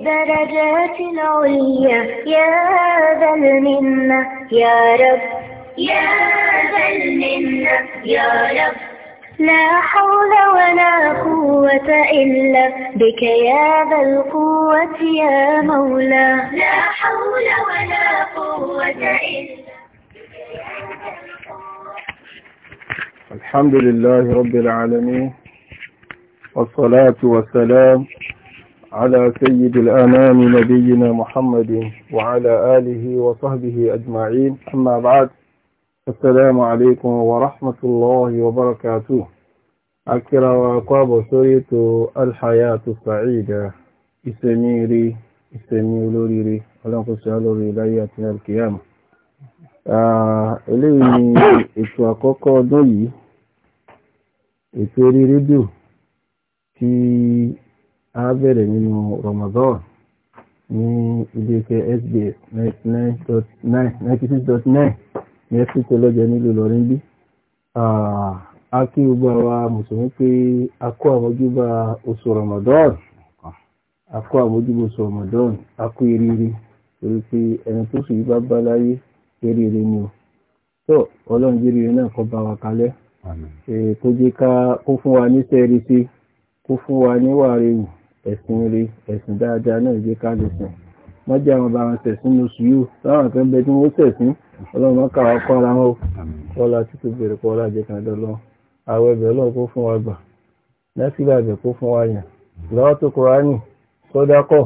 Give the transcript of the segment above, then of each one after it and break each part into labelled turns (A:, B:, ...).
A: الدرجات العليا يا ذا المنة يا رب يا ذا المنة يا رب لا حول ولا قوة إلا بك يا ذا القوة يا مولا لا حول ولا قوة إلا الحمد لله رب العالمين والصلاة والسلام على سيد الأنام نبينا محمد وعلى آله وصحبه أجمعين أما بعد السلام عليكم ورحمة الله وبركاته أكرا وقاب سوريت الحياة السعيدة إسميري إسمي لوريري ألم تسألوا إلياتنا القيامة eléyìí ni ètò àkọ́kọ́ ọdún yìí a bẹ̀rẹ̀ nínú Ramadan ní iléeṣẹ́ SBS 96.9 ní ẹ̀sìn tẹ́lọ́jẹ nílùú lọ́rin bí a kí gbogbo àwa mùsùlùmí pé a kó àmójúbà oṣù Ramadan a kó àmójúbà oṣù Ramadan a kó torí pé ẹni tó sì bá bá láyé eríire ni o tó ọlọ́run jíríire náà e bá wa kalẹ̀ tó jẹ́ ká kó fún wa ní sẹ́ẹ̀rì sí kó fún wa ní wàá ẹ̀sìn rí ẹ̀sìn dáadáa náà jẹ́ ká lè sìn wọ́n jẹ́ àwọn bàbá sẹ̀sìn lóṣù yìí láwọn kan bẹ tí wọ́n sẹ̀sìn ọlọ́run ká wa kọ́ ara wọn kọ́lá títí bèrè kọ́lá jẹ́ kan dọ́lọ́ àwọn ẹbẹ̀ ọlọ́run kó fún wa gbà lẹ́sílẹ̀ àbẹ̀ kó fún wa yàn lọ́wọ́ tó Kùránì sọ́dákọ̀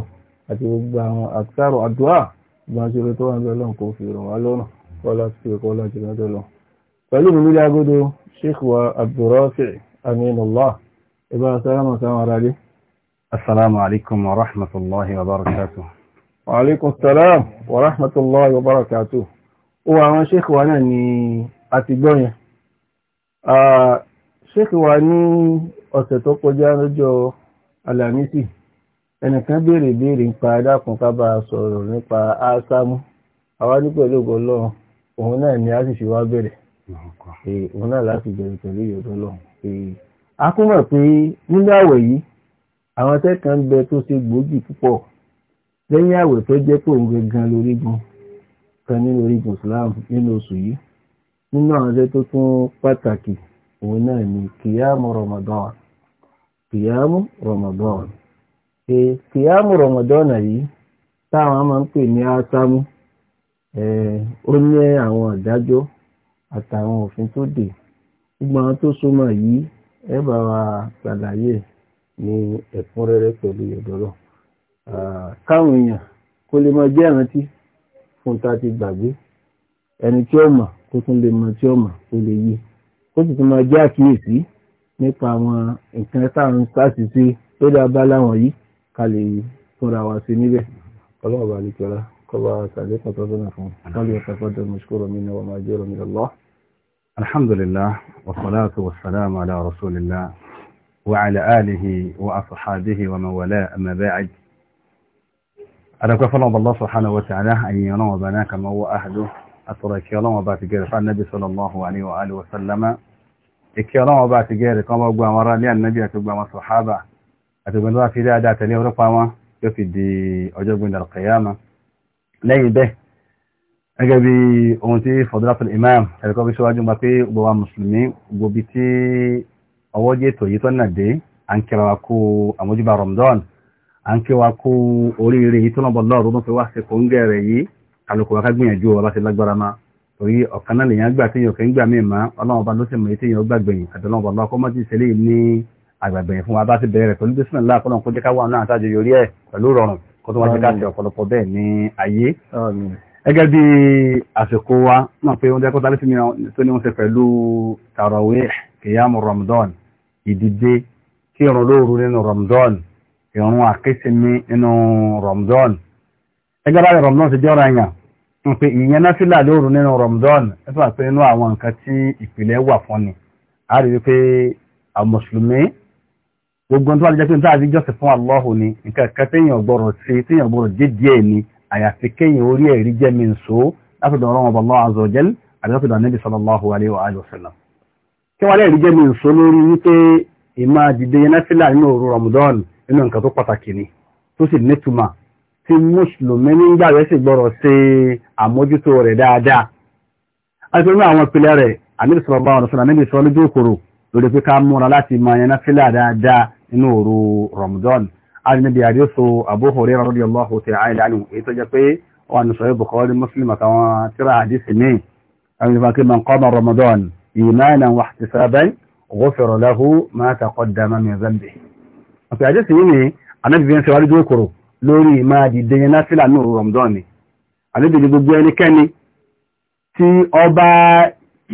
A: àti gbogbo àwọn àtàrò àdúrà ìgbàṣẹ́rẹ tó wà ní ọlọ́run kó fi ràn wá lọ́rùn kọ́lá títí bèrè kọ́lá jẹ́ kan dọ́lọ́ pẹ̀lú ìlú lágodo Sheikh wa Abdurrafi السلام عليكم ورحمة الله وبركاته وعليكم السلام ورحمة الله وبركاته وعن شيخ وانا ني اتبوني شيخ واني ọ̀sẹ̀tọ́kọ já lọ́jọ́ alamisi ẹnìkan béèrè béèrè nípa adákùn ká bá sọ̀rọ̀ nípa ásámú àwájú pẹ̀lú ògbọ́lọ́ òun náà ni a sì ṣe wá bẹ̀rẹ̀ òun náà láti bẹ̀rẹ̀ pẹ̀lú ìyọ̀dọ́lọ́ akúmọ̀ pé nígbàwẹ̀ yìí àwọn akẹ́kọ̀ọ́ ń bẹ tó ṣe gbòógì púpọ̀ lẹ́yìn àwẹ̀ tó jẹ́ pé òun gangan lórígun kan nínú orígun Islam nínú oṣù yìí nínú àwọn iṣẹ́ tó tún pàtàkì òun náà ni kìyàmù Ramadan kìyàmù Ramadan pé kìyàmù Ramadan yìí táwọn máa ń pè ní ásámú ó ní àwọn ìdájọ́ àtàwọn òfin tó dè gbogbo àwọn tó súnmọ́ yìí ẹ bá wa ṣàlàyé ẹ̀ ní ẹ̀kúnrẹ́rẹ́ pẹ̀lú ìdọ́rọ̀ káwọn èèyàn kó lè máa jẹ́ ìrántí fún ta ti gbàgbé ẹni tí ó mọ̀ kó tún lè mọ̀ tí ó mọ̀ kó lè yí kó sì tún máa jẹ́ àkíyèsí nípa àwọn nǹkan táwọn sáàsì sí tó dáa bá láwọn yìí ká lè túnra wa sí níbẹ̀ ọlọ́run bá lè kíọ́lá kọ́ bá sàlékún tó tọ́nà fún un kálí ọ̀sán fọ́dọ̀ mọ̀ṣúkúrò mi náà wà máa jẹ́ alhamdulillah wa salatu wa salam ala rasulillah وعلى آله وأصحابه ومن
B: ولا أما بعد أدوك فلان بالله سبحانه وتعالى أن ينوى بناك ما هو أهله أترك يلوم باتجير فالنبي صلى الله عليه وآله وسلم إكيلوم باتجير قام أبو أمرا لأن النبي أتبع ما صحابة أتبع في ذا دات لي ورقما يفي دي أجاب من القيامة لي به أجابي أمتي فضلات الإمام أتبع بشواجه مبقي أبو مسلمين أبو بيتي ọwọ́ jẹ́ ètò yìí tọ́nà dé à ń kíra wa kú àmójúbà Ramadan à ń kí wa kú oríire yìí tọ́nà bọ́lá ọ̀rọ̀ tó wá sí kóńgẹ́ rẹ̀ yìí kálukú wa ká gbìyànjú ọba sí lágbára ma torí ọ̀kan náà lèyàn gbà téèyàn kẹ́ ń gbà míì má ọlọ́run ọba ló sì mọ̀ èyí téèyàn gbàgbẹ̀yìn àdọ́lọ́run bọ́lá kọ́ mọ́tì ìṣẹ̀lẹ̀ yìí ní àgbàgbẹ̀yìn fún wa bá ti bẹ̀rẹ̀ pẹ̀lú bísímìlá kọ́lọ́n kó jẹ́ ká wà náà àtàjọ yorí ẹ̀ pẹ̀lú rọrùn kó tó wá jẹ́ ká gẹ́gẹ́ bí àsìkò wa náà pé oúnjẹ kọ́ta lẹ́sìn mìíràn tó ní wọ́n ṣe pẹ̀lú tarawih kìyàmù Ramadan ìdìde kírun lóru nínú Ramadan ìrun àkísìmí nínú Ramadan ẹgbẹ́ báyìí Ramadan ti jọ́ra yàn ń pe ìyẹn náfìlà lóru nínú Ramadan ẹ fà pé inú àwọn nǹkan tí ìpìlẹ̀ wà fún ni a rí wípé àmùsùlùmí gbogbo tó wà lẹ́jọ́ pé níta àti jọ́sìn fún Allah ni nǹkan kan téèyàn gbọ́rọ̀ sí téèyàn gbọ́rọ̀ jẹ́ díẹ̀ ni àyàfi kéèyàn orí ẹ̀rí jẹ́ mi nso látọ̀dọ̀ ọlọ́run ọba Allah azza wa jal àbí látọ̀dọ̀ anábì sallallahu alayhi wa sallam kí wọ́n lẹ́rìí jẹ́ mi ń sọ lórí wípé ìmá dìde náfìlà nínú òru Ramadan nínú nǹkan tó pàtàkì ni tó sì nítumà tí mùsùlùmí nígbà rẹ̀ sì gbọ́rọ̀ ṣe àmójútó rẹ̀ dáadáa àti nínú àwọn ìpìlẹ̀ rẹ̀ àmì ìsọ̀rọ̀ bá wọn sọ̀rọ̀ níbi ìsọ̀rọ̀ lójú òkòrò lórí pé ká múra láti máa yan náfìlà dáadáa nínú òru Ramadan àti níbi àdéhùsọ Abu Hurairah radiyallahu ta'ala anhu èyí tó jẹ́ ìmáàna wà ti sábẹ́ ọgọ́fẹ̀rọ̀ láhú máa tàkọ́dà máa mẹ́ zambi. ọ̀pẹ̀ àjẹ́sì yìí ni anábìbí ń sẹ́wárí jókòrò lórí máa dìde yẹn náfìlà ní òru rọ̀mdọ́ ni àlébìdì gbogbo ẹnikẹ́ni tí ọba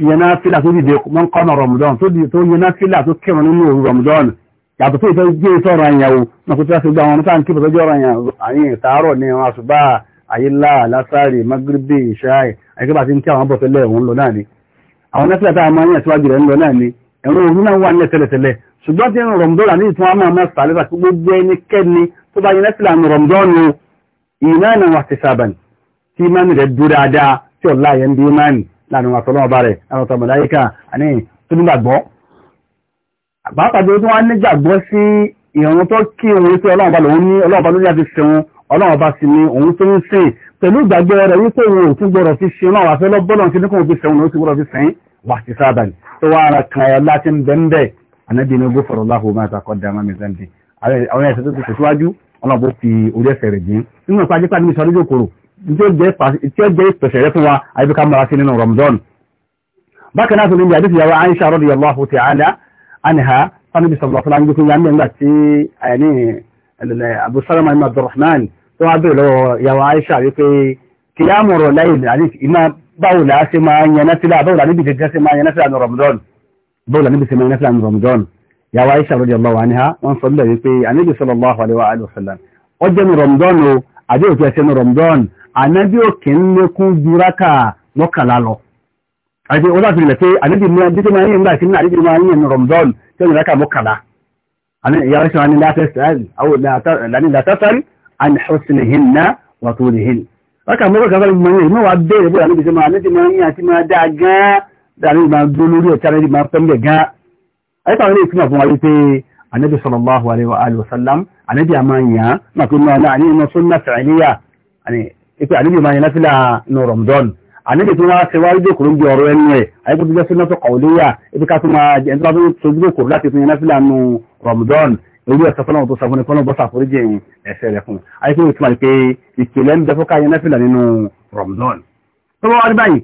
B: yẹn náfìlà tó dìde mọ́ ń kọ́nà rọ̀mdọ́ tó yẹn náfìlà tó kírun nínú òru rọ̀mdọ́ ni yàtọ̀ fún ìfẹ́ sọ̀rọ̀ àyàwó náà kò tí a ṣe gba àwọn táǹkì bọ̀ tọ́jọ́ àyìn ìtàárọ̀ ní àwọn àṣùbá àyílá lásàrì magribi ìṣáì àyíkẹ́bà tí ń kí àwọn bọ̀tẹ́lẹ̀ òun lọ náà ni àwọn nẹ́fílà tá a máa ń yàn síwájú rẹ̀ ń lọ náà ni ẹ̀rọ òun náà wà nílẹ̀ tẹ́lẹ̀tẹ́lẹ̀ ṣùgbọ́n tí rọ̀mdọ́là ní ìtún àmà máa sàlẹ̀ bá gbogbo ẹnikẹ́ni tó bá yẹ nẹ́fílà ní rọ̀mdọ́nù ìná ìnà wà ti sábàn tí máa ń rẹ̀ dúró dáadáa tí ọ̀la yẹn ń bí máa ń lànà wà tọ́lọ́ ọba rẹ̀ àwọn ọ̀tọ̀ mọ̀láyíkà àní tó ní gbàgbọ́. ló ní àti sẹ́wọ̀n ọlọ́run sì ni òun tó ń sìn pẹ̀lú ìgbàgbé rẹ̀ wípé òun ò tún gbọ́dọ̀ fi ṣe náà wàfẹ́ lọ́bọ́lọ̀ tí ní kò fi sẹ́wọ̀n ó sì gbọ́dọ̀ fi sẹ́yìn wà sí sábà ní tó wá ara kan ẹ̀ láti ń bẹ́ ń bẹ́ ànábì ní ogún fọ̀rọ̀ láhùn máa ta kọ́dà máa mi sẹ́ǹdì àwọn ẹ̀sẹ̀ tó ti tẹ̀síwájú ọlọ́run bó fi orí ẹ̀sẹ̀ rẹ̀ dín nínú ìpàdé pàdé mi sọdún jòkòrò tí ó jẹ́ ìpèsè rẹ̀ fún tó wá bèèrè lọ́wọ́ ìyàwó Aisha wípé kí á mọ̀rọ̀ láìlì àdìs iná báwo là á ṣe máa ń yẹn nẹ́fìlà báwo là níbi ìṣẹ́jẹ́ ṣe máa ń yẹn nẹ́fìlà ní Ramadan báwo là níbi ṣe máa ń yẹn nẹ́fìlà ní Ramadan ìyàwó Aisha radiyallahu anha wọ́n sọ nílẹ̀ wípé àníbi sallallahu alaihi wa sallam ó jẹ́ ní Ramadan o àbí òkè ẹsẹ̀ ní Ramadan ànábì òkè ń lékún buraka mọ́kànlá lọ àti ó láti rìn pé ànábì máa bí máa ń yẹn nígbà tí ànábì máa ń yẹn ní Ramadan tó ní buraka mọ́kànlá ìyàwó Aisha wọn ni látẹ́sẹ̀ an husnihinna wa tulihin ọkà mọ́rọ̀ kan fẹ́rẹ̀ mọ́ yìí mọ́ wá bẹ́ẹ̀rẹ̀ bóyá níbi tí máa ní ti máa ń yìn àti máa dáa gan-an dáadé máa gbó lórí ọ̀tí àrẹ́dì máa pẹ́ mẹ́ gan-an ayípa àwọn ilé fún àwọn wípé anabi sallallahu alaihi wa alihi wa sallam anabi a máa yàn án máa pé máa náà ní inú sunna fẹ̀rẹ̀líyà ipe anabi máa yàn láfílà nù rọ̀mdọ́n anabi tó máa ṣe wáyé dókòrò ń bí ọ̀rọ̀ ẹnu ẹ̀ ayípa tó jẹ́ sunna tó kọ̀ọ̀lẹ́yà ibi ká tó máa jẹ́ ẹni tó bá tó sojú dókòrò láti fún yàn láfílà nù rọ̀mdọ́n orí ẹ̀sọ́ fọ́nà tó sàfún ní kọ́nà bọ́sà forí jẹ́ ìyìn ẹ̀ṣẹ̀ rẹ̀ fún un àyíkú ìtumọ̀ àti pé ìkèlẹ̀ ń bẹ fún káyọ̀ nẹ́fìlà nínú rọ̀mùdọ́ọ̀nù tó bá wá rí báyìí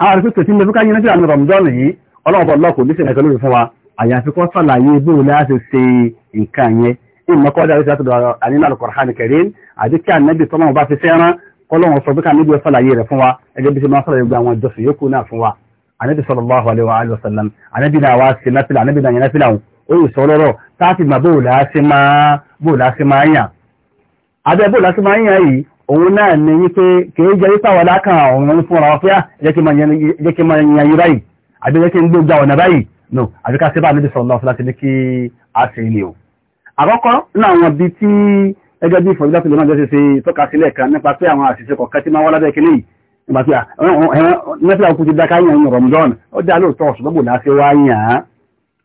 B: àwọn àrùn pípẹ́ tí ń bẹ fún káyọ̀ nẹ́fìlà nínú rọ̀mùdọ́ọ̀nù yìí ọlọ́ọ̀bọ̀ lọ́kùn ní sẹ̀lẹ̀ pẹ̀lú fún wa àyàfi kọ́ sàlàyé bó láti ṣe nǹkan yẹn ìmọ̀ kọ́ dárí sátọ̀ àníná al-Qur'an al-Karim àti kí ànábì ó lè sọ lọ́rọ̀ táàtì mà bóò láti máa bóò láti máa yàn abẹ́ bóò láti máa yàn yìí òun náà ni wípé kìí jẹ́ wípé àwọn alákan ọ̀run fún ọ̀rọ̀ pé jẹ́ kí máa yan yín báyìí àbí jẹ́ kí n gbógba ọ̀nà báyìí no àbí ká sí bá níbi sọ̀rọ̀ lọ́fọ́ láti ní kí a ṣe ilé o àkọ́kọ́ náà wọn bí tí gẹ́gẹ́ bí ìfọ̀jú láti lè máa jẹ́ ṣe tọ́ka sílẹ̀ kan nípa pé àwọn àṣìṣe kọ̀ọ̀kan tí máa wá lábẹ́ kínní nígbà tí àwọn nẹ́fìlà òkú ti dáká yàn ní Ramadan ó dá lóòótọ́ ṣùgbọ́n bò láti wá yàn án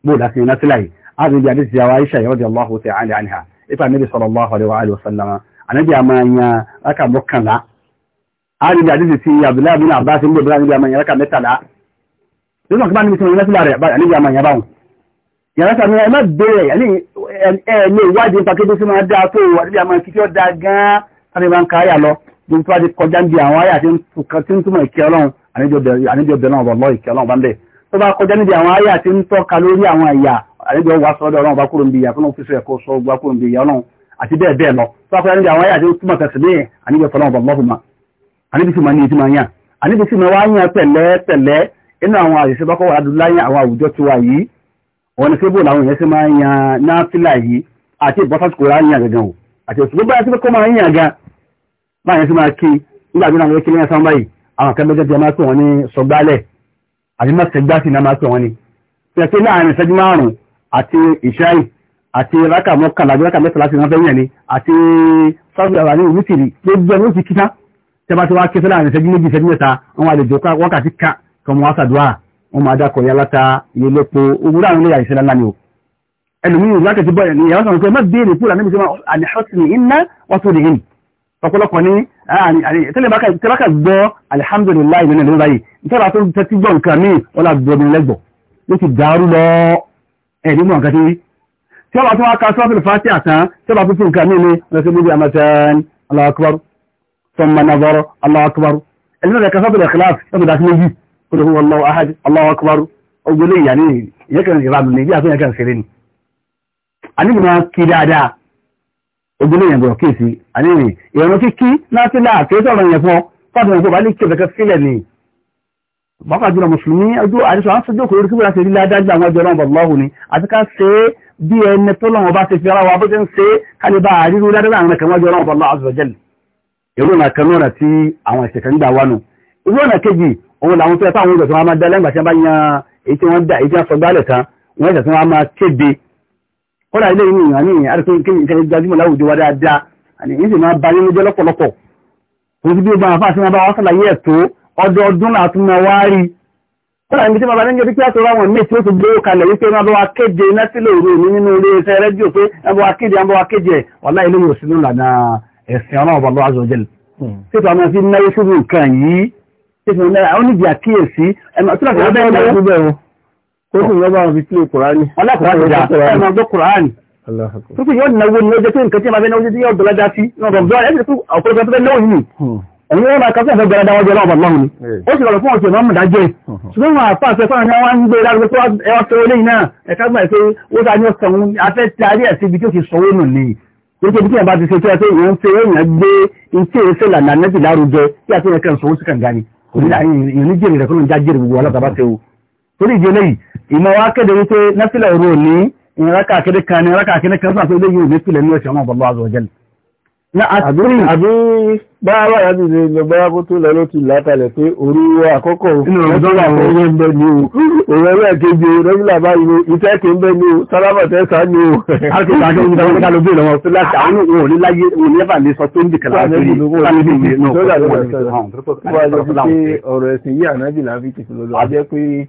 B: bóòdá sí iná síláyìí arziki àti ti àwọn aisha yọ́dí allahu ta'ala anha ipa nabi sallallahu alaihi wa sallam anabi amanya raka mọ́kànlá arziki àti ti abdullahi bin abbas ń bèbèrè anabi amanya raka mẹ́tàlá nínú kí bá níbi tí wọ́n yẹn sílá rẹ̀ anabi amanya báwọn yàrá sàmì ẹ má bèèrè ẹ lè wádìí nípa kébé sí máa dá tó anabi amanya kí ó dá gan sáré máa ń ka àyà lọ bí wọ́n kọjá ń bi àwọn àyà tí ń túmọ̀ ìkẹ́ ọlọ́run àníjọ́ bẹ̀rẹ̀ náà ìkẹ́ ọlọ́run bá ń bẹ̀rẹ̀ tó bá kọjá níbi àwọn ayé àti ń tọ́ka lórí àwọn ẹ̀yà àlejò ọwọ́ sọ́dọ̀ ọlọ́run bá kúrò níbi ìyà fún òfin ẹ̀kọ́ sọ ọgbà kúrò níbi ìyà ọlọ́run àti bẹ́ẹ̀ bẹ́ẹ̀ lọ tó bá kọjá níbi àwọn ayé àti túmọ̀ tẹ̀sí ní àníbi ọ̀fọ̀ ọlọ́run bọ̀ àníbi sì máa ní ìdí máa yàn àníbi sì máa wá yàn pẹ̀lẹ́ pẹ̀lẹ́ inú àwọn ti wà yìí wọn ni fébò làwọn èèyàn sì máa náfìlà yìí àti rà yàn gangan o àti gbogbo àti máa yàn gan sì máa kí àti mọ́sẹ̀gbásì náà máa sọ wọn ni pẹ̀sẹ̀ láàrin ìṣẹ́jú márùn-ún àti ìṣáì àti rákà mọ́kànlá rákà mẹ́sàlá sí ránfẹ́ yẹn ni àti sáfì àwọn àníwò wítìrì gbogbo ẹni ó ti kíta tẹ́ bá ti wá kẹsẹ̀ láàrin ìṣẹ́jú méjì ìṣẹ́jú mẹ́ta àwọn àlejò wákàtí ká kọmọ àṣàdúrà wọn máa dákọ̀ ya láta iye lẹ́po òwúrọ̀ àwọn ilé àìsílẹ̀ ńlá ni o ẹlòmíràn láti ti bọ̀ ẹ̀ ní ìyàwó sọ̀rọ̀ pé má béèrè fúlàní ọ̀pọ̀lọpọ̀ ní tẹ́lẹ̀bákà gbọ́ alihamdulillah ìlú nílùú báyìí ìtọ́ra tó tẹ́tí gbọ́ nǹkan míì wọ́n lágbọ́bìn lẹ́gbọ̀ ló ti dàrú lọ ẹ̀rí mọ̀ nǹkan tí tí ọba tó wá ka sọ́fìlì fásitì àtàn tí ọba tó fi nǹkan míì ní ọlọ́sẹ̀ bíbí amẹ́sẹ̀ẹ́n Allahu akbar sọmọ nàbọ̀rọ̀ Allahu akbar ẹ̀rí náà ka sọ́fìlì ikhlas ọdún dàtí méjì kó lè fún wallahu ahad ojúlé yẹn gbọ́dọ̀ kíyèsí àníyàn ìrànú kíkí láti là kéésì ọ̀rọ̀ yẹn fún ọ fáwọn ọmọ ìgbà ní kí ọ̀fẹ́kẹ́ sílẹ̀ ni bákan jùlọ mùsùlùmí ojú àdìsọ àwọn sọjọ́ kò lórí kíkúrò àti ìrìlẹ̀ adájọ́ àwọn ọjọ́ ọlọ́run bọ̀lọ́hùn ni àti ká ṣe é bí ẹni tó lọ́wọ́ bá ṣe fi ara wa bó ṣe ń ṣe kálíbà àrírú ládàá àwọn ẹ̀kẹ́ wájú ọlọ́run bọ̀lọ́hùn azza jal èrò ọ̀nà kan náà tí àwọn ìṣẹ̀kẹ́ ń gbà wá nù kọ́lá ilé ìwé ìrìn àní àríkò ìkẹ́kẹ́ gbajúmọ̀ láwùjọ wa dáadáa àní ìsìn máa bá nínú jẹ́ lọ́pọ̀lọpọ̀ kò sí bí ó bá wọn fáṣí máa bá wọn sàlàyé ẹ̀tọ́ ọdọọdún láti máa wá rí kọ́lá ibi tí bàbá ní jẹ́ pípẹ́ àtọ́rọ́ àwọn míì tí ó ti gbé kalẹ̀ wípé máa bá wa kéde násìlò òru èmi nínú ilé iṣẹ́ rẹ́díò pé máa bá wa kéde máa bá wa kéde wàlá ilé ó sì yọ́ bá wọn fi tí ó kùránì ọlọ́kùnrin tó yóò náwó ní ọjọ́ tó nǹkan tí ma fẹ́ náwó tí yóò dọ́lájá sí ọ̀pọ̀lọpọ̀ tó fẹ́ náwó yìí hmm. ẹ̀yìn wọn bá kọ́ fẹ́ gbẹ̀rẹ̀ dáwọ́jọ́ ọlọ́ọ̀bọ̀ lọ́hùn ni eh. ó sì rọrọ̀ fún ọ̀sẹ̀ máa mọ̀ dájẹ́ hmm. ṣùgbọ́n wọn àpá àṣẹ fáwọn ni wọ́n ń gbé lárúgbé tó ẹwà tó lé iná ẹ̀ka gbà pé ó ta ní ọ̀sẹ̀ òun afẹ́ ti arí ẹ̀sìn ibi tí ó ti sọ wónù ni wípé ibi tí ẹ̀ bá ti ṣe tó yẹ pé ìyẹn ń ṣe èèyàn gbé iṣẹ́ ìṣẹ́ lànà nẹ́bì lárugẹ tí àti ẹ̀kẹ́ ń sọ ó sì kàn gani òní jèrè rẹ̀ kó ló ń já jèrè gbogbo alábàbá ṣe o torí ìdí eléyìí ìmọ̀ wa kéde wípé nẹ́fìlà òru òní ìrìnrẹ́kà kéde kan ní ìrìnrẹ́kà kéde kan fún àpéjọ yóò nípìlẹ̀ ní ọ̀sẹ̀ ọmọ ọ̀bọ̀lọ́ azọ̀ jẹ́lẹ̀. àbí àbí
A: báwa yà ti ṣe báwa kó tó lọ ló ti látàlẹ̀ pé òru àkọ́kọ́ nẹ́fìlà òru ń bẹ ní o òru ẹ̀rọ ti sàkẹ́ ìdílé wọn ká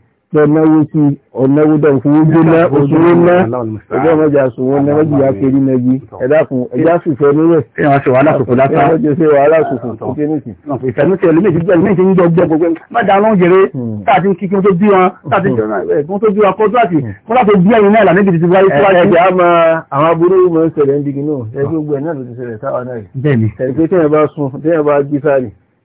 A: lọ́nàwó sí ọ̀nàwó dẹ̀ fún ojúná òṣùwọ́nà ẹjọ́ ọmọdé àṣùwọ́n náà wọ́n jìyà kiri nẹ́gi ẹ̀dáfún ẹjá fìfẹ́ níwẹ̀. ẹ wá ṣe wàhálà sòfò lásán. ẹ wá ṣe wàhálà sòfò òkè nìsín. ìfẹ̀mísẹ̀ ẹlòmíì ti jẹ́ ẹlòmíì ti
B: ń jọ gbọ́ gbogbo mẹ́ta hmm. ló ń jèrè táàtì kí kí wọ́n tó bí wọn táàtì kí wọ́n tó bí wọn kọ́ńtàkì hmm. wọ́n
A: láti bí ẹ̀yin náà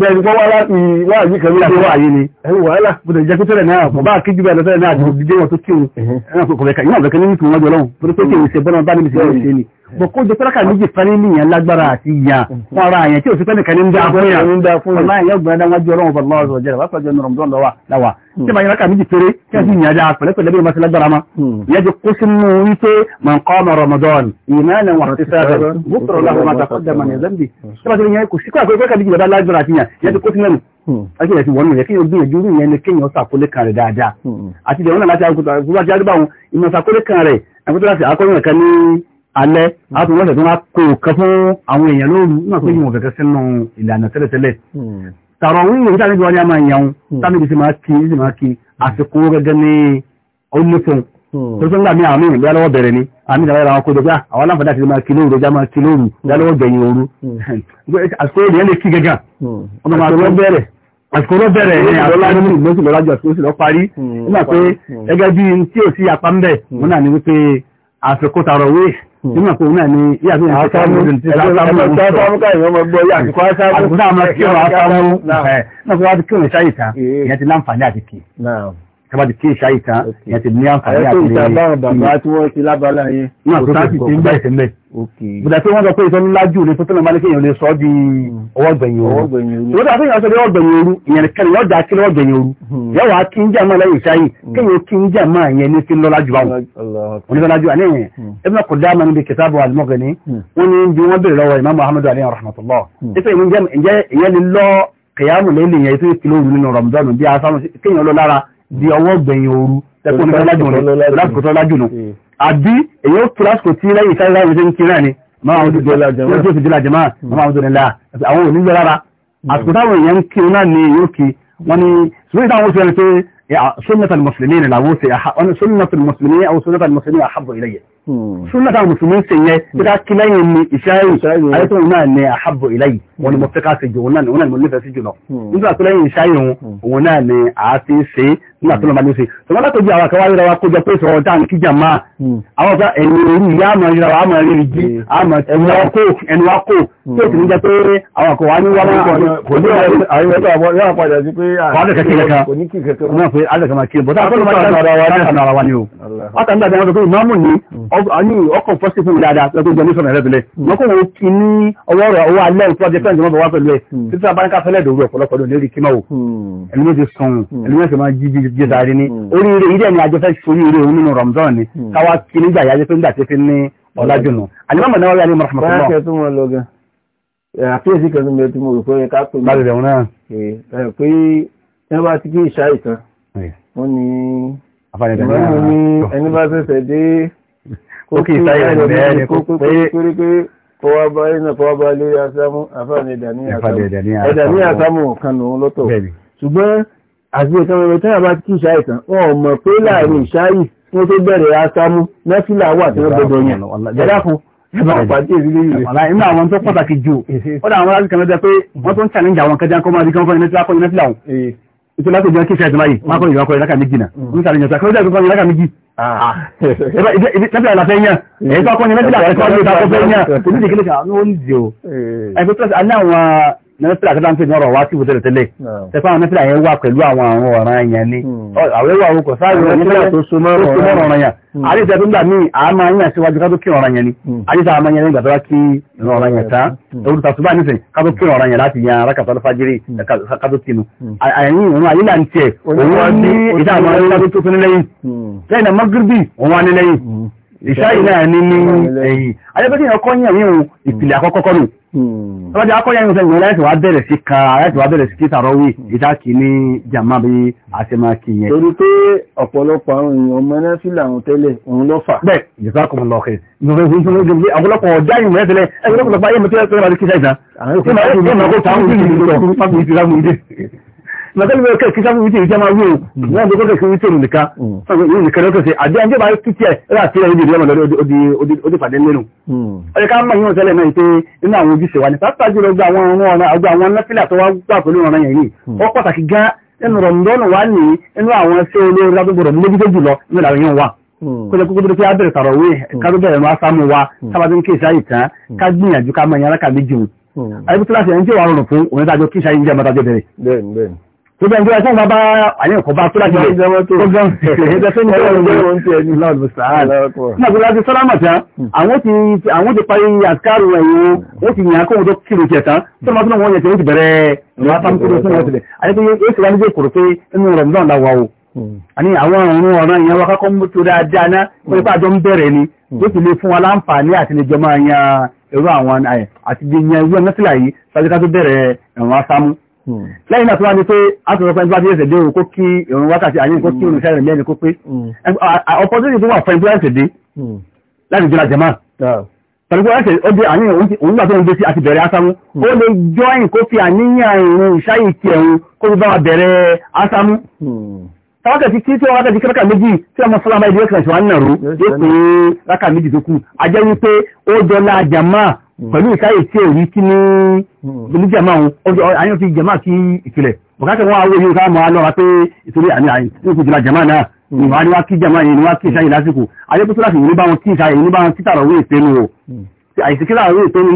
A: bẹ́ẹ̀ni pọ́ wá láti wáyé kan nílá tó wáyé ni ẹ̀rù wàhálà bùdó jẹ́ kí tẹ́lẹ̀ náà kò bá kíjú bẹ́ẹ̀ lọ́tẹ́lẹ̀ náà àti òdìdé wọn tó kí òun
B: ẹ̀rù kò kọ̀ọ̀kan yóò bẹ̀kẹ́ nínú ìwọ́n jọlọ́hùn torí pé kí òun ṣe bọ́nà bá níbi ìṣẹ́ òṣè ni bọ̀ kó jẹ́ pẹ́lẹ́kà méjì fẹ́ni nìyẹn lágbára àti tí ma yẹra kàmí jìfèrè kí a sì yàn dáa pẹ̀lẹ́pẹ̀lẹ́ bí masu lágbára ma yẹ jẹ kó sínú wípé man qama ramadan ìmáàlẹ̀ wọn ti sẹ́rẹ̀ bókòrò láwọn máa tàkọ́ dẹ̀mà ní zambi tí ma ti yẹn kò síkọ́ àkọ́kọ́ kàmí jìfèrè lágbára àti yàn yẹ jẹ kó sínú àti yẹ ti wọnú yẹ ya yóò gbìyànjú rú yẹn ni kí yóò sàkólé kan rẹ̀ dáadáa hmm. àti ìdẹ̀wọ̀n náà láti àgùntàn àti àdúgbàwọn ìmọ̀ sàkólé kan rẹ̀ àgùntàn láti àkọ́yìn kan ní alẹ́ àtúnwọ́sẹ̀ tó wá kó kan fún àwọn èèyàn lóru náà pé hmm. yìí wọ́n fẹ̀kẹ́ sínú ìlànà tẹ́lẹ̀tẹ́lẹ̀ hmm tàràwí ìwé tàbí wọn ni a máa yàun tàbí ìdí sí máa kí ìdí máa kí àsìkò gẹ́gẹ́ ní onífún tó tó ń gbà mí àmì ìlú alọ́wọ́ bẹ̀rẹ̀ ni àmì ìdáwọ́ àwọn akójọ pé àwọn aláǹfààní àti máa kí lóru ọjà máa kí lóru ìdálọ́wọ́ gbẹ̀yìn ooru àsìkò ènìyàn lè kí gẹ́gà ọmọ àtọwọ́ bẹ̀rẹ̀ àsìkò ló bẹ̀rẹ̀ ní àtọ́lájú lóṣù lọ́lájú àti oṣù lọ parí nígbà pé gẹ́gẹ́ bí tí ò sí apá ń bẹ̀ wọn náà ni wípé àsìkò tàrọ̀wé nínú àpò náà ni yàtọ̀ ìṣẹ́ sáàmù sáàmù káyọ̀ ọmọ
A: ẹgbẹ́ yà àtìkọ́ sáàmù àtìkọ́ sáàmù kí ọmọ sáàmù náà
B: kí wọ́n ti kí òun ṣáyìí ta ìyẹn ti láǹfààní àti kì í tẹ́bá ti kí ìṣá ìta yẹn ti ní àǹfààní àti ilé ìta bàbá
A: tí wọ́n ti lábàlá yẹn. náà tó sáà ti ti ń bẹ̀rẹ̀ sí mẹ́.
B: bùdà tí wọ́n sọ pé ìtọ́nu lájú ní tó tẹ́lẹ̀ máa ní kéèyàn lè sọ di ọwọ́ gbẹ̀yìn ooru. ìwọ́n tàbí ìyàwó sọ pé ọwọ́ gbẹ̀yìn ooru ìyẹn kẹ́lẹ̀ yóò dá kí lọ́wọ́ gbẹ̀yìn ooru. Hmm. yóò wá kí ń jà máa lẹ́yìn ìṣá yìí kéèyàn kí ń jà máa yẹn ní sí lọ́lájú báwọn. onílọ́lájú àní yẹn hmm. hmm. lọ kìyàmù di ọwọ́ gbẹ̀yìn ooru tẹ́kùn nípa lájùn rẹ̀ lásìkò tó lájùn nù àbí èyí ó kílásìkò tí lẹ́yìn sáré láwọn ìṣẹ́ ń kiri náà ni máa wọn dùn yóò tó fi dìlà jẹ̀má máa wọn dùn nílá àwọn òní yẹ rárá àsìkò táwọn èèyàn ń àwọn sunnata mùsùlùmí àwọn sunnata mùsùlùmí
A: súnmọ́ta
B: mùsùlùmí ṣe yẹn bí ká kí lẹ́yìn ní ìṣáyìn ayétòun náà ni àhábò ìlẹ́yìn wọn ni mo fẹ́ ká ṣe jù òun náà ni mo nífẹ̀ẹ́ sí jùlọ nígbà tó lẹ́yìn ìṣáyìn òun òun náà ni àáfin ṣe nígbà tó lọ́ba ní ṣe tọ́lá tó jẹ́ àwọn akẹ́wà yíra wa kójọ pé sọ̀rọ̀ dáhùn kíjà máa àwọn ọ̀gá ẹ̀yìn orí ìyá àmọ̀ yíra wa àmọ̀ rírì jí àmọ̀ ẹ̀nu wa kò ẹ̀nu wa kò tí ó ti ní jẹ́ pé àwọn akọ̀wà ní wọ́n kò ní àwọn ẹ̀rọ yóò padà sí pé
A: àwọn àdẹ̀kẹ́ kẹ̀kẹ́ kò ní kí kẹ̀kẹ́ wọn fẹ́ àdẹ̀kẹ́ máa kí bọ́tà àkọ́lọ́mọ́
B: ọ̀ní ọkàn fọ́sí fún dáadáa lọ́tọ́ jẹ nífẹ̀ẹ́ rẹ̀ tẹ́lẹ̀ lọ́kọ̀ hmm. wo kí ní ọwọ́ rẹ̀ owó alẹ́ ìtura jẹ́ fẹ́ǹtì mọ́tò wá pẹ̀lú ẹ̀ hmm. títí abáńká fẹ́lẹ̀ dòwú ọ̀pọ̀lọpọ̀ lónìí rí kímọ̀ wò hmm. ẹni wọ́n ti sọ̀hún ẹni wọ́n ti máa jí jíjẹ sáré ní oríire ilé ẹni ajẹ́fẹ́ sórí ire òun nínú Ramadan ni káwá kí nígbà yájẹ́ tó ń dàtí fi ní ọ̀làjùnú alimọ́mọ̀ náà wáyà ní mọ̀rànmọ́tò
A: àkíyèsí kan tó ń bẹ tí mo rò pé ẹ ká pè mí pé
B: kó kí ìsáyà ìbẹ́ẹ̀ ni kó pé
A: fọwọ́ bá iná fọwọ́ bá lórí asámú àfáàní ìdàní asámù kan lòun lọ́tọ̀ ṣùgbọ́n àti ìkanwẹ̀rẹ̀ tí a bá kí ìṣá ìtàn wọn mọ̀ pé láàrin ìṣáyì tí wọ́n tó bẹ̀rẹ̀ asámú nẹ́fílà wà tí wọ́n gbọdọ̀ yẹn jẹ́dàkùn ẹ̀bá pàdé ìrírí
B: rẹ̀. inú àwọn tó pàtàkì jù ó dà àwọn aláàbí kan lọ́jọ́ pé wọ́n tó ń challenge àwọn kẹjá kọ́ máa di kan fún ẹni tí wọ́n kọ́ ní nẹ́fílà wọn. Eh. ìtura tó jẹ́ kí ìṣá ìtàn báyìí wọ́n á kọ́ ìwà kọ́ ìlákà méjì náà mm. Tẹ́bílà la fẹ́ yàn, èyí tó kọ́ ni mẹ́tìlá kẹ́kọ́ ló ta kọ́ fẹ́ yàn, kò ní ìdíkìlẹ̀ kan, ó ń dì o. Ẹgbẹ́ pẹ́sì, a ní àwọn nẹ́fílà kí láńpẹ́ ní ọ̀rọ̀ wá sí ìwòtẹ́lẹ̀ tẹ́lẹ̀ tẹ́fà àwọn nẹ́fílà yẹn wà pẹ̀lú àwọn àrùn ọ̀ràn èèyàn ni hmm. àwẹ́wà orúkọ sáàrùn nẹ́fílà tó so mọ́rọ̀ ọ̀ràn yẹn àdìsẹ́ tó ń gbà mí àmà yẹn síwájú ká tó kí ọ̀ràn yẹn ni hmm. àdìsẹ́ àmà yẹn nígbà tó bá kí ọ̀ràn yẹn tán ewu hmm. tàṣù bá nísìn ká tó kí ọ̀ràn yẹn láti yan arákàtà alfajiri ká tó kinu àyìn òun àyìn là ń tiẹ̀ òun ní ìdá àwọn ẹ̀ka tó tó fún nílẹ̀yìn lẹ́yìn náà mọ́gíríbì ìṣáì náà ní ní ẹ̀yìn ajẹ́pẹ́tì ìyàn kọ́yìn ẹ̀yìn ohun ìpìlẹ̀ àkọ́kọ́ kọ́ nù ọjọ́ akọ́yìn ẹ̀yìn sẹ́yìn láìsí wá bẹ̀rẹ̀ sí ka láìsí wá bẹ̀rẹ̀ sí kí tàrọ́wì ìdákì ní jàmá bí àṣemáki yẹn. torí
A: pé ọ̀pọ̀lọpọ̀ àwọn èèyàn ọmọ náà sí làwọn tẹ́lẹ̀ òun ló fà. bẹ́ẹ̀ ìjọba kò mọ̀ lọ́kẹ́
B: ọ̀pọ̀lọpọ̀ ọjà ìmọ̀ ẹ̀ tẹ́lẹ̀ ẹgbẹ́ ọ̀pọ̀lọpọ̀ ayé mi tẹ́lẹ̀ tẹ́lẹ̀ bá ti kí sẹ́yìn náà mọ̀tẹ́lẹ̀ bẹ̀rẹ̀ kẹ́kẹ́ sáfún wítìrì jẹ́ máa wí o hmm. wọ́n gbogbo kẹ́kẹ́ wítìrì nìkan yóò hmm. nìkan lọ́kẹ́ sí àdé ẹjọ́ bá kí tiẹ̀ rà tí ẹ̀ ìdìrí odi pàdé nínú. ọ̀rẹ́ hmm. ká mọ̀ yíwọ̀n tẹ́lẹ̀ náà pé nínú àwọn ojúṣe wa ní pápá jùlọ gba àwọn ọ̀rọ̀ àgbà àwọn nọ́fílà tó wá gbà pẹ̀lú ọ̀rọ̀ yẹn yìí ó pàtàkì gan nínú rọ̀mùdọ́nù wa ní inú àwọn ṣé olórí lágbègbè rọ̀mùdọ́jú jùlọ nínú làwọn yẹn wà kó lè kókó tó fi abẹ́rẹ̀ sọ̀rọ̀ wí ká tó bẹ̀rẹ̀ wọn sámú wa sábàbí ń kí ìṣá ìtàn ká gbìyànjú ká mọ ìyára kà méjì wọn. àyẹ̀bùtúlá ṣe ń wàá rọrùn fún òun dájọ́ kí ìṣá yìí jẹ́ mọ́tàjọ́
A: bẹ̀rẹ̀.
B: Gbogbo ẹgbẹ́ ẹ̀sán bàbá àní ọ̀kọ̀ bá tó láti lè jẹ́wọ́ tó gbọ́n ẹgbẹ́ tó ní ọ̀rọ̀ tí
A: ẹni lọ́dún mùsàán. Nígbà tó láti
B: sọ́lámà tán, hmm. àwọn ti parí àkárù ẹ̀yìn ó ti yàn kóhun tó kìrò jẹ̀ tán, tó máa tún wọ́n yẹn tẹ̀wọ́n ti bẹ̀rẹ̀ látàmú kúrò fún wọn tilẹ̀. Àyẹ́kọ́ yóò ti wá ní kòrò pé inú rẹ̀ náà la wà o. Hmm. Àní àwọn ọ̀run ọ̀ràn ìyẹn wa kákọ́ mú tó dáadáa ná, hmm. wọ́n ipá àjọ ń bẹ̀rẹ̀ ni, ó sì lè fún wa láǹfààní àti lè jọ máa yan ẹ̀rọ àwọn àti yan ìwé ọ̀nà sílà yìí, sáájú ká tó bẹ̀rẹ̀ ẹ̀wọ̀n asámú
A: lẹ́yìn
B: náà tó wá ní pé asọ̀rọ̀pẹ́ nípa bí ẹ̀sẹ̀ dé o kó kí ìrùn wákàtí àyè kó kí olùsẹ́ rẹ̀ lẹ́ni kó pé opportunity tó wà fún ẹgbẹ́ ẹ̀sẹ̀ dé láti jọra jẹ̀má pẹ̀lú pé ẹ̀sẹ̀ ó dé àníyàn òun gbà tó ń dé sí àti bẹ̀rẹ̀ ásámú ó lè join kó fi àníyàn ìrùn ìṣáyì ti ẹ̀rùn kó fi bá wa bẹ̀rẹ̀ ásámú tawakati kí tí wọ́n wákàtí kí rákà méjì tí ọmọ fúlàmà ìdíwẹ́kìlẹ̀ ṣe wà ń nàró yóò pé rákà méjì tó kù a jẹ́ wípé ó dọ́lá jàmáà pẹ̀lú ìkáyè tí èrí tí ní ìlú jẹ̀má òun àyàn fi jẹ̀má kí ìpìlẹ̀ bùkátà wọn awó yóò ká mọ́ alọ́ra pé ìtorí àmì àìkùjìlá jẹ̀má náà ìwà ni wá kí jẹ̀má yìí ni wá kí ìṣáyè lásìkò ayébùtú láti ìwé bá wọn kí ìṣáyè ní bá wọn títà rọ̀wé ìpinnu o àìsíkílà rọ̀wé ìpinnu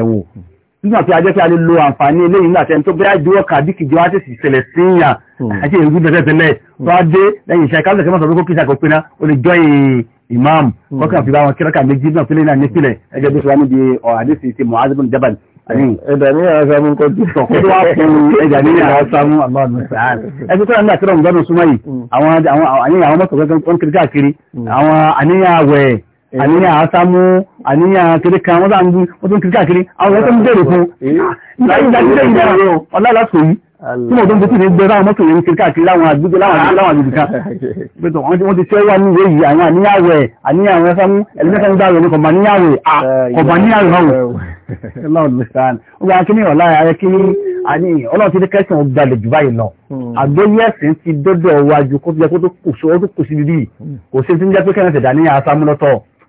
B: nígbà nígbà tí a jẹ́ kí a lè lo àǹfààní eléyìí nígbà tẹ́ni tó bẹ́ẹ̀ jọ ọkà bí kìjọ àti ìṣẹ̀lẹ̀ sí yàn àti hmm. èrú tẹ́tẹ́tẹ́lẹ̀ hmm. tó á dé lẹ́yìn iṣẹ́ káàlù tẹ́kẹ́ mọ́sàn-án kí ìṣàkó pinna ó lè jọ imam hmm. kọ́kàn fi bá wọn kírọ́kà méjì náà pínlẹ̀ náà nípìnlẹ̀ ẹgbẹ́ bí sọ́wọ́n níbi àdéṣì ti Mu'adh bin Jabal. ẹ̀dà ní àṣàmú kọ́ ju sọ̀kọ́ tó wà fún ẹ̀dà ní àṣàmú aláàánú sàn. ẹgbẹ́ tó náà tí wọ́n gbọ́dọ̀ súnmọ́ yìí àwọn àníyàn àwọn mọ́tò kọ́kọ́ kiri káàkiri àwọn àníyàn àwẹ̀ àníyàn àásámú àníyàn kiri kan wọ́n sáà ń bú wọ́n tó ń kiri káàkiri àwọn ọ̀rẹ́ tó ń bèèrè fún ìdájídẹ́ ìdára ọlálàsò yìí tí mo tó ń bó tí ní gbẹ́rẹ́ àwọn mọ́tò yẹn kiri káàkiri láwọn àgbègbè láwọn àgbègbè kan pẹ̀tọ̀ wọ́n ti ṣẹ́ wà ní ìwé yìí àwọn àníyàn wẹ̀ àníyàn àwọn sámú ẹlẹ́mẹ́sàn gbà wẹ̀ ní kọ̀mọ̀níyàn wẹ̀ kọ̀mọ̀níyàn wẹ̀ ọlọ́run lọ́sàn-án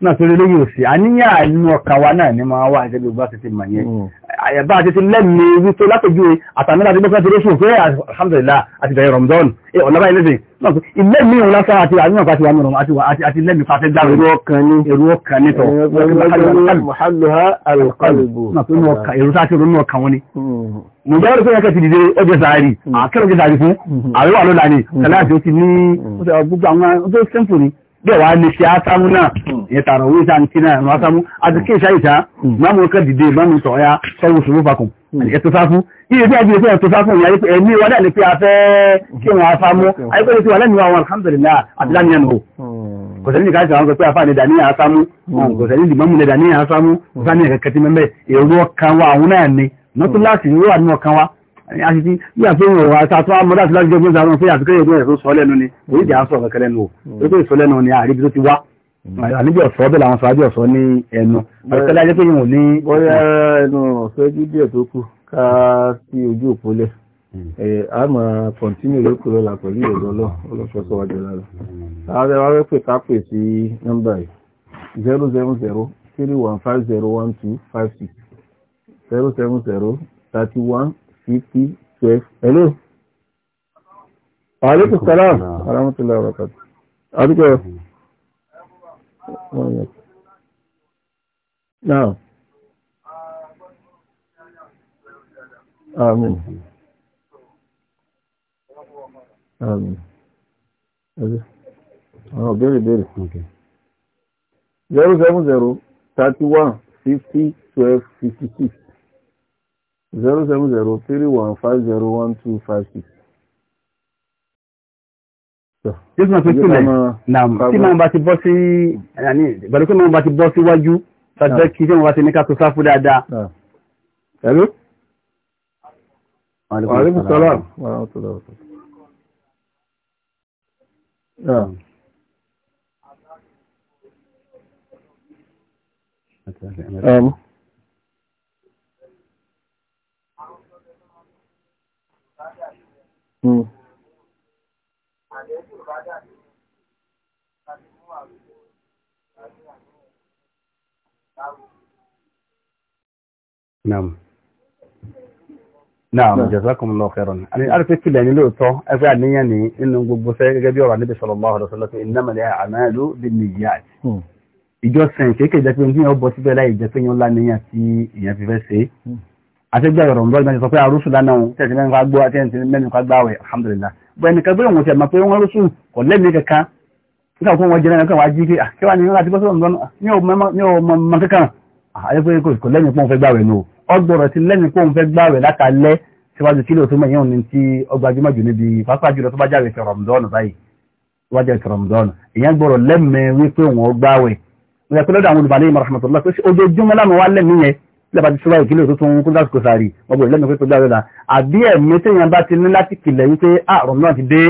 B: náà torí lórí òsì àníyàn inú ọkàn wa náà ni máa wà ìṣẹ́lú bá ti ti mọ̀ yẹn hmm. àyẹ̀bá àti ti lẹ́nu wípé látòjú àtàmì láti gbọ́sán ti lóṣù pé alhamdulillah àti ìbẹ̀rẹ̀ rọ̀mdọ́n ọ̀lọ́bá ẹlẹ́sìn náà tó ilé mi òun lásán àti àníyàn pàṣẹ wà mọ̀rọ̀ àti lẹ́nu pàṣẹ dáhùn èrò ọkàn ní èrò ọkàn ní tọ̀ èrò sáà ti ronú ọkàn hmm. kẹ́sì dìde ọjọ́ sàárì hmm. àkẹ́rọ̀ ọjọ́ sàárì fún àríwá lọ́la ni kàláàsì ó ti ní gbogbo àwọn tó simple ni bẹ́ẹ̀ wá ní ṣe ásámú náà hmm. ìyẹn tààrọ̀ owó ìṣà ti náà ẹ̀rọ ásámú àti kí ìṣà ìṣà ìmáàmù ọkọ̀ dìde ìmáàmù sọ ọ̀yá sọ́wọ́ sọ́wọ́ fakùn ẹ̀ tó sáfún iye bí ẹbí ìṣẹ́ tó sáfún ìyá ẹ̀mí wa dà ní pé a fẹ́ kí wọn asámú àyíkọ́ ní ti wà lẹ́nu àwọn alhamdulilayi àti lánìyàn o hmm. kò sẹ́ni ká ṣàwọn pé afáàní dàní àásámú hmm. kò sẹ́ni lìmọ́mù lẹ̀ dàní àásámú kò sẹ́ni ẹ̀kẹ́kẹ́ ti mẹ́mẹ́ èrò ọkàn wa àwọn náà àṣìṣí bí àfihàn ọ̀rọ̀ àtàtọ́ àmọ́dá ti lájọ́ gbọ́nà àwọn fẹ́yà àfikẹ́yẹ̀ ìgbọ́n ẹ̀sọ́ sọ lẹ́nu ni èyí jẹ́ àṣọ ọ̀kẹ́kẹ́ lẹ́nu o hmm. pé ìsọ lẹ́nu ni àríbi tó ti wá hmm. àníbí ọ̀sọ́ bẹ́ẹ̀ làwọn sọ́ájú ọ̀sọ́ ní ẹnu àtẹ́lẹ́ hmm. ajẹ́ pé yìí ò ní.
A: bóyá ẹnu ọ̀sẹ́ jíjẹ́ tó kù ká sí ojú òpó lẹ̀ a máa kọ̀ntínú lókù lọ́la pẹ̀lú ìrọ̀lọ́ ọlọ́sọ̀ọ́sọ́ wájú lára ààrẹ wa rẹ́ pè ká pè sí nọ́mbà yìí zero seven zero three one five zero one two five zero seven zero thirty one fifty twelve hello. aleykum salaam aramatullahi wabarakatu adúgbò now amin amin ọ̀rọ̀ béèrè béèrè zero seven zero thirty one fifty twelve fifty zero seven zero three one five zero one two five six. Jésù náà tó sílẹ̀ tí pé màá
B: bá ti bọ́ síwájú ṣàtẹ́ kí tí màá bá ti ní ká tó sáfù dáadáa.
A: Hello. Aleykum Hmm.
B: Naam. Naam, jazakumullahu khairan. Ani arfi kila ni lóòótọ́, ẹgbẹ́ àníyàn ní inú gbogbo sẹ́ gẹ́gẹ́ bí ọ̀rọ̀ níbi sallallahu alaihi wasallam innamal a'malu binniyat. Hmm. Ìjọsìn kéèkéè jẹ́ pé ní ọbọ̀ síbẹ̀ láì jẹ́ pé yán láníyàn tí ìyẹn fi fẹ́ ṣe àtẹ́gbẹ́ ọ̀rọ̀ ń bọ́lá sọ pé àrùsù lánàá ohun tẹ́sí mẹ́rin ká gbọ́ àti ẹ̀sìn mẹ́rin ká gbáwẹ̀ alhamdulillah bọ́ ẹnì kan gbọ́dọ̀ wọn ti ẹ̀mọ́ pé wọ́n rúsù kọ̀ lẹ́mìí kankan nígbà tó wọn jẹ́ náà kan wá jí pé àkẹ́wà ah, ni láti bọ́ sọ́dọ̀ ní ọmọ ọmọ kankan àyẹ́ ah, pé kò lẹ́mìí pọ́n fẹ́ gbáwẹ̀ nù ọgbọ̀rọ̀ ti lẹ́mìí pọ́n fẹ́ gbáwẹ̀ látàlẹ́ síwájú kílò tó mẹ́yìn òní tí ọgbàjúmọ̀ jù níbi pápá jùlọ tó bá jáwé ti lẹ́bàá ti síwáyé ìkílẹ̀ tó tún kún lásìkò sàárì ọgbọ̀ ìlẹ́nu pé tó gbáre la àbí ẹ̀mí tí èèyàn bá ti ní láti kìlẹ̀ yí pé àrùn ah, náà ti dé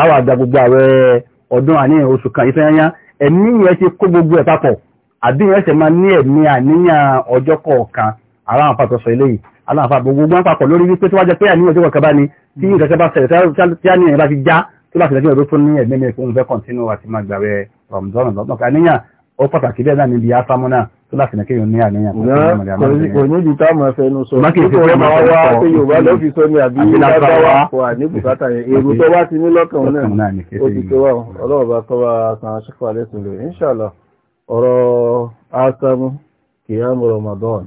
B: àwọn àgbà gbogbo ààrẹ ọdún àní oṣù kan ìfẹ́ yányá ẹ̀mí yẹn ti kó gbogbo ẹ̀ papọ̀ àbí yẹn ṣe máa ní ẹ̀mí àníyàn ọjọ́ kọ̀ọ̀kan aláwọn àpapọ̀ sọ eléyìí aláwọn àpapọ̀ gbogbo àpapọ̀ lórí wípé tó wá jẹ tó láti ní kéèyàn ní àníyàn kò ní ibi tá mọ̀
A: ẹfẹ́ inú sọ nípa ọmọ wa pé yorùbá ló fi sọ ní àbí lágbáwá wà ní bùkátà yẹn èrò tó wá ti ní lọ́kàn náà ó ti asamu kìyàmù Ramadan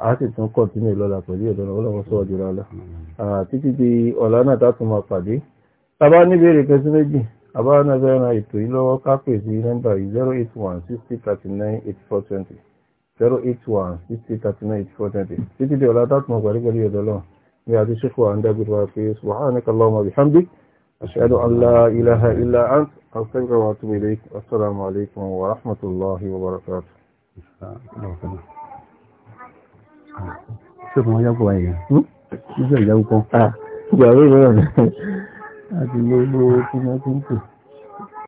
A: a sì tún kọ́ntínú lọ́la pẹ̀lú ìdọ́nà ọlọ́run sọ ọjọ́ lọ́la títí di ọ̀la náà tá a tún máa pàdé tá a bá méjì àbáwọn ẹgbẹ́ ẹran ètò yìí lọ́wọ́ kápẹ́ sí nọ́mbà yìí zero eight one sixty thirty nine eighty four twenty zero eight one sixty thirty nine eighty four twenty títí di ọ̀la dátùmọ̀ pẹ̀lú pẹ̀lú ọ̀dọ́ lọ́wọ́ ní àti ṣẹ́kù àwọn dágbére wa pé subhanaka Allahumma bihamdik ashhadu an la ilaha illa ant astaghfiruka wa atubu assalamu alaykum wa rahmatullahi wa barakatuh. ṣé kò wọ́n yá kó wáyé yẹn? ṣé kò yá kó kọ́? adiós luego una síntesis.